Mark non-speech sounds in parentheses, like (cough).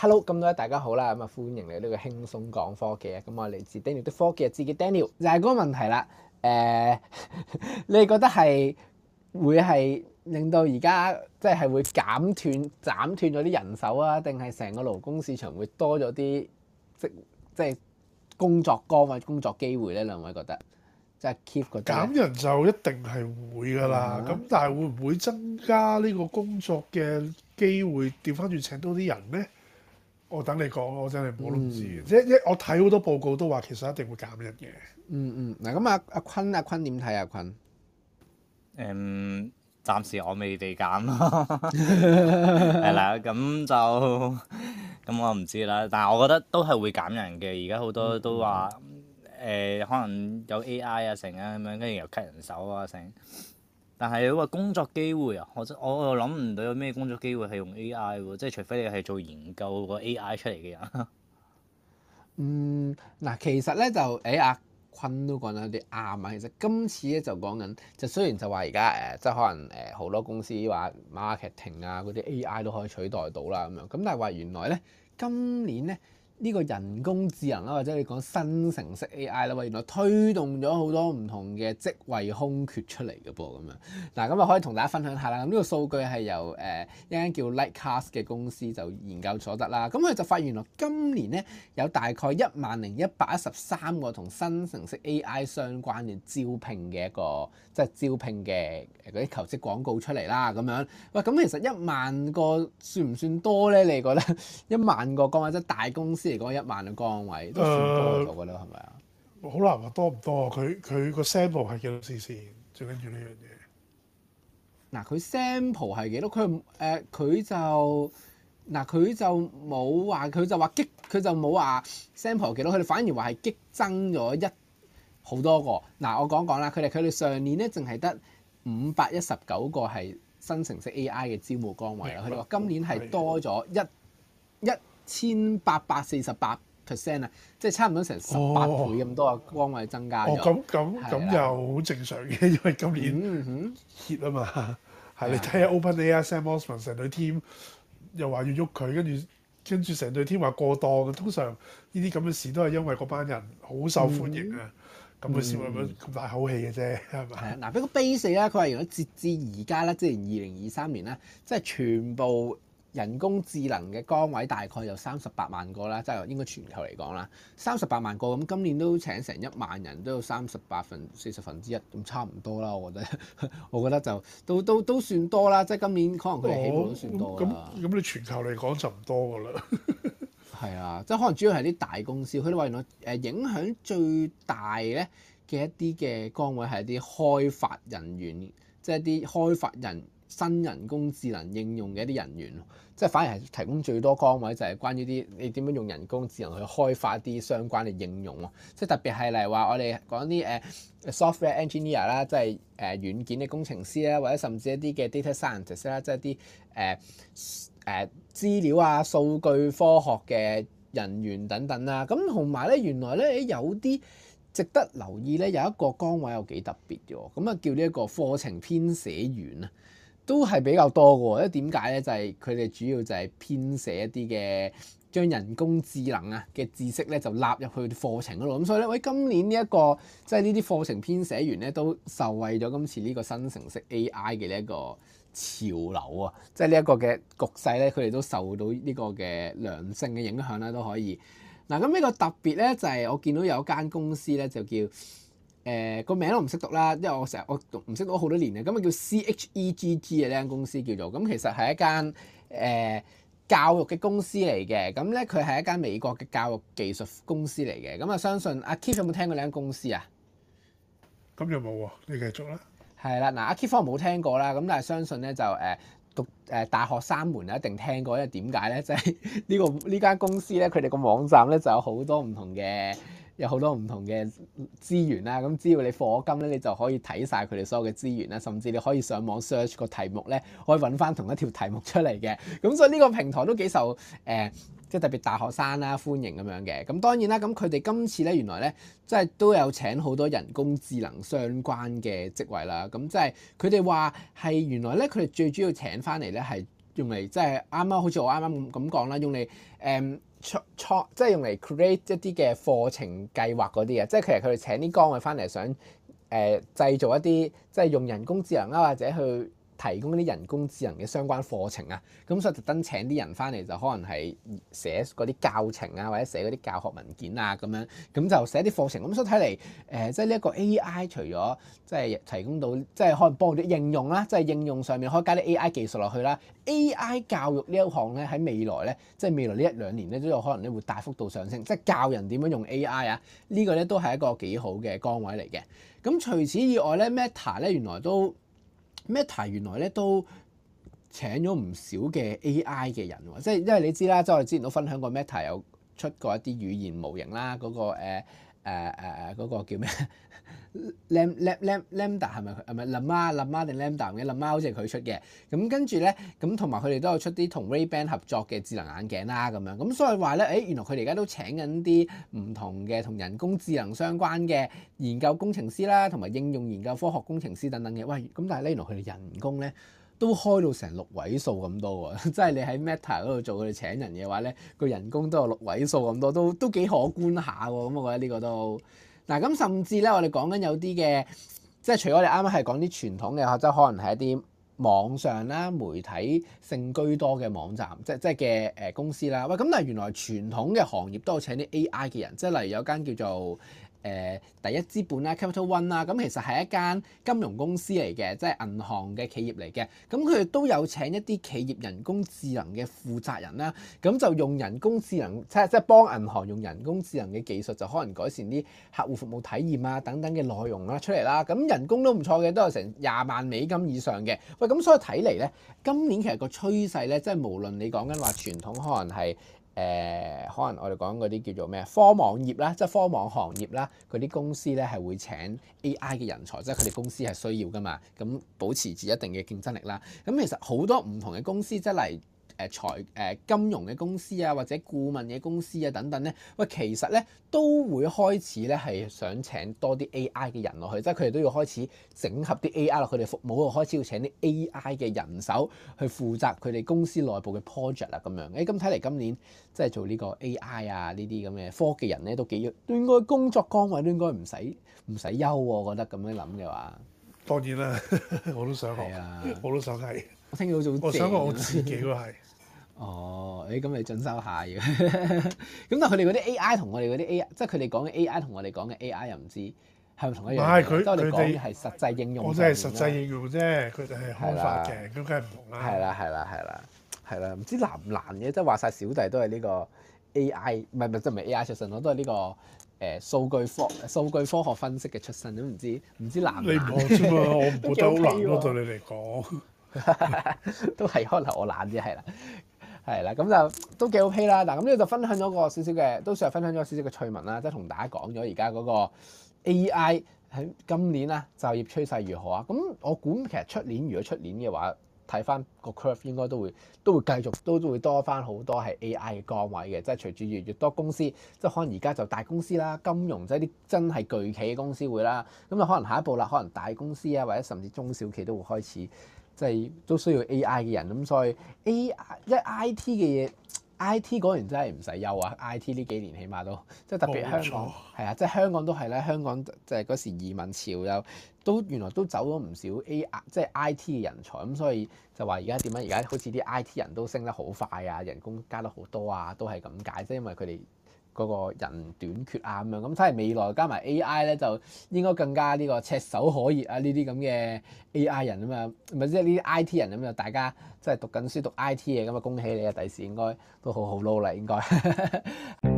hello，咁多位大家好啦，咁啊歡迎嚟呢個輕鬆講科技啊，咁我嚟自 Daniel 的科技自己 Daniel，就係嗰個問題啦。誒、呃， (laughs) 你哋覺得係會係令到而家即係會斬斷、斬斷咗啲人手啊，定係成個勞工市場會多咗啲即即係工作崗啊、工作機會咧？兩位覺得即係 keep 個減人就一定係會㗎啦，咁、啊、但係會唔會增加呢個工作嘅機會？調翻轉請多啲人咧？我等你講，我真係、嗯、我都唔知即即我睇好多報告都話，其實一定會減人嘅、嗯。嗯嗯，嗱咁阿阿坤阿坤點睇啊？坤誒，暫時我未地減咯。係啦，咁就咁、嗯、我唔知啦。但係我覺得都係會減人嘅。而家好多都話誒、嗯嗯呃，可能有 AI 啊，成啊咁樣，跟住又 cut 人手啊，成。但係你話工作機會啊，我真我又諗唔到有咩工作機會係用 AI 喎，即係除非你係做研究個 AI 出嚟嘅人。嗯，嗱其實咧就誒、欸、阿坤都講得有啲啱啊，其實今次咧就講緊，就雖然就話而家誒即係可能誒好、呃、多公司話 marketing 啊嗰啲 AI 都可以取代到啦咁樣，咁但係話原來咧今年咧。呢個人工智能啦，或者你講生成式 AI 啦，哇，原來推動咗好多唔同嘅職位空缺出嚟嘅噃，咁樣嗱，咁啊可以同大家分享下啦。咁呢個數據係由誒、呃、一間叫 Lightcast 嘅公司就研究所得啦。咁佢就發現原來今年咧有大概一萬零一百一十三個同生成式 AI 相關嘅招聘嘅一個即係招聘嘅嗰啲求職廣告出嚟啦。咁樣，哇，咁其實一萬個算唔算多咧？你覺得一萬個講或者大公司？嚟講一萬嘅崗位都算多，我覺得係咪啊？好難話多唔、呃啊、多，佢佢個 sample 係幾多先？最緊要呢樣嘢。嗱，佢 sample 係幾多？佢誒佢就嗱佢就冇話，佢就話激佢就冇話 sample 幾多。佢哋反而話係激增咗一好多個。嗱、啊，我講講啦，佢哋佢哋上年咧淨係得五百一十九個係生成式 AI 嘅招募崗位啦。佢哋話今年係多咗一一。的千八百四十八 percent 啊，即係差唔多成十八倍咁多啊，光位增加哦。哦，咁咁咁就好正常嘅，因為今年 hit 啊嘛，係的你睇下 OpenAI 啊、Open Air, Sam Altman 成隊 team 又話要喐佢，跟住跟住成隊 team 話過檔。通常呢啲咁嘅事都係因為嗰班人好受歡迎啊，咁佢先會咁大口氣嘅啫，係咪？係啊，嗱，不過 basic 啦，佢話如果截至而家咧，即係二零二三年咧，即係全部。人工智能嘅崗位大概有三十八萬個啦，即、就、係、是、應該全球嚟講啦，三十八萬個咁，今年都請成一萬人都有三十八分四十分之一，咁差唔多啦。我覺得，我覺得就都都都算多啦。即係今年可能佢哋起步都算多啦。咁咁、哦，你、嗯嗯嗯嗯嗯嗯、全球嚟講就唔多㗎啦。係 (laughs) (laughs) 啊，即係可能主要係啲大公司，佢哋話原來誒影響最大咧嘅一啲嘅崗位係一啲開發人員，即係一啲開發人。新人工智能應用嘅一啲人員，即係反而係提供最多崗位就係關於啲你點樣用人工智能去開發啲相關嘅應用。即係特別係例如話我哋講啲誒 software engineer 啦，即係誒軟件嘅工程師啦，或者甚至一啲嘅 data scientist 啦，即係啲誒誒資料啊、數據科學嘅人員等等啦。咁同埋咧，原來咧有啲值得留意咧，有一個崗位有幾特別嘅，咁啊叫呢一個課程編寫員啊。都係比較多嘅，即係點解呢？就係佢哋主要就係編寫一啲嘅將人工智能啊嘅知識呢，就納入去課程嗰度。咁所以呢，喂，今年呢、這、一個即係呢啲課程編寫完呢，都受惠咗今次呢個新生成式 AI 嘅呢一個潮流啊！即係呢一個嘅局勢呢，佢哋都受到呢個嘅良性嘅影響啦，都可以。嗱，咁呢個特別呢，就係、是、我見到有間公司呢，就叫。誒個名我唔識讀啦，因為我成日我讀唔識讀咗好多年咧，咁啊叫 C H E G G 嘅呢間公司叫做，咁其實係一間誒教育嘅公司嚟嘅，咁咧佢係一間美國嘅教育技術公司嚟嘅，咁啊相信阿 Kip 有冇聽過呢間公司啊？咁又冇喎，你繼續啦。係啦，嗱，阿 Kip 可能冇聽過啦，咁但係相信咧就誒讀誒大學三門一定聽過，因為點解咧？就係呢個呢間公司咧，佢哋個網站咧就有好多唔同嘅。有好多唔同嘅資源啦，咁只要你課金咧，你就可以睇晒佢哋所有嘅資源啦，甚至你可以上網 search 個題目咧，可以揾翻同一條題目出嚟嘅。咁所以呢個平台都幾受誒、呃，即係特別大學生啦歡迎咁樣嘅。咁當然啦，咁佢哋今次咧原來咧，即係都有請好多人工智能相關嘅職位啦。咁即係佢哋話係原來咧，佢哋最主要請翻嚟咧係用嚟即係啱啱好似我啱啱咁講啦，用嚟誒。嗯創創即係用嚟 create 一啲嘅課程計劃嗰啲啊，即係其實佢哋請啲崗位翻嚟想誒、呃、製造一啲，即係用人工智能啊或者去。提供啲人工智能嘅相關課程啊，咁所以特登請啲人翻嚟就可能係寫嗰啲教程啊，或者寫嗰啲教學文件啊咁樣，咁就寫啲課程啊。咁所以睇嚟，誒、呃，即係呢一個 AI 除咗即係提供到，即係可能幫咗應用啦，即係應用上面可以加啲 AI 技術落去啦。AI 教育呢一項咧喺未來咧，即係未來呢一兩年咧都有可能咧會大幅度上升，即係教人點樣用 AI 啊。呢、這個咧都係一個幾好嘅崗位嚟嘅。咁除此以外咧，Meta 咧原來都。Meta 原來咧都請咗唔少嘅 AI 嘅人喎，即係因為你知啦，即係我哋之前都分享過 Meta 有出過一啲語言模型啦，嗰、嗰個、呃誒誒誒嗰個叫咩？Lambda 係咪？係咪 Lama Lama 定 Lambda 嘅 Lama 好似係佢出嘅。咁跟住咧，咁同埋佢哋都有出啲同 Ray-Ban 合作嘅智能眼鏡啦，咁樣。咁所以話咧，誒、欸、原來佢哋而家都請緊啲唔同嘅同人工智能相關嘅研究工程師啦，同埋應用研究科學工程師等等嘅。喂，咁但係咧，原來佢哋人工咧，都開到成六位數咁多喎，即係你喺 Meta 嗰度做，佢哋請人嘅話，呢個人工都有六位數咁多，都都幾可觀下喎。咁我覺得呢個都。嗱，咁，啊、甚至呢，我哋講緊有啲嘅，即係除咗我哋啱啱係講啲傳統嘅，或者可能係一啲網上啦媒體性居多嘅網站，即即嘅誒公司啦。喂，咁但係原來傳統嘅行業都有請啲 AI 嘅人，即係例如有間叫做。誒第一資本啦，Capital One 啦，咁其實係一間金融公司嚟嘅，即係銀行嘅企業嚟嘅。咁佢哋都有請一啲企業人工智能嘅負責人啦，咁就用人工智能，即係即係幫銀行用人工智能嘅技術，就可能改善啲客戶服務體驗啊，等等嘅內容啦出嚟啦。咁人工都唔錯嘅，都有成廿萬美金以上嘅。喂，咁所以睇嚟呢，今年其實個趨勢呢，即係無論你講緊話傳統，可能係。誒、呃，可能我哋講嗰啲叫做咩科網業啦，即係科網行業啦，嗰啲公司咧係會請 AI 嘅人才，即係佢哋公司係需要噶嘛，咁保持住一定嘅競爭力啦。咁其實好多唔同嘅公司即係嚟。誒、啊、財誒、啊、金融嘅公司啊，或者顧問嘅公司啊等等呢，喂，其實呢都會開始呢係想請多啲 AI 嘅人落去，即係佢哋都要開始整合啲 AI 落去佢哋服務，又開始要請啲 AI 嘅人手去負責佢哋公司內部嘅 project 啊咁樣。誒、欸，咁睇嚟今年即係做呢個 AI 啊，呢啲咁嘅科技人呢都幾，都應該工作崗位都應該唔使唔使憂喎。我覺得咁樣諗嘅話，當然啦，我都想學，啊、我都想係。 (laughs) 我，我想講我自己喎係， (laughs) 哦，誒、哎、咁你進修下嘅，咁 (laughs) 但佢哋嗰啲 AI 同我哋嗰啲 AI，即係佢哋講嘅 AI 同我哋講嘅 AI 又唔知係咪同一樣。唔係佢佢哋係實際應用，我真係實際應用啫，佢哋係開發嘅，咁梗係唔同啦。係啦係啦係啦係啦，唔知難唔難嘅，即係話晒小弟都係呢個 AI，唔係唔即係唔係 AI 出身，我都係呢、呢個誒、呃、數據科數據科學分析嘅出身，都唔知唔知難唔難。你唔學啫嘛，我唔覺得好難咯，對你嚟講。 (laughs) (laughs) 都係，可能我懶啲係啦，係啦，咁、嗯、就都幾 OK 啦。嗱，咁呢度就分享咗個少少嘅，都算係分享咗少少嘅趣聞啦。即係同大家講咗而家嗰個 AI 喺今年啊，就業趨勢如何啊？咁我估其實出年如果出年嘅話，睇翻個 curve 應該都會都會繼續都會多翻好多係 AI 嘅崗位嘅，即係隨住越越多公司，即係可能而家就大公司啦、金融即係啲真係巨企嘅公司會啦，咁就可能下一步啦，可能大公司啊或者甚至中小企都會開始。即係都需要 AI 嘅人咁，所以 AI 即係 IT 嘅嘢，IT 果然真係唔使憂啊！IT 呢幾年起碼都即係特別香港係，冇錯，啊，即係香港都係咧，香港即係嗰時移民潮又都原來都走咗唔少 AI 即係 IT 嘅人才咁，所以就話而家點樣？而家好似啲 IT 人都升得好快啊，人工加得好多啊，都係咁解，即係因為佢哋。嗰個人短缺啊咁樣，咁睇嚟未來加埋 AI 咧，就應該更加呢個炙手可熱啊！呢啲咁嘅 AI 人啊嘛，咪即係呢啲 IT 人咁，啊、就大家即係讀緊書讀 IT 嘅咁啊，恭喜你啊！第時應該都好好撈啦，啊，應該。 (laughs)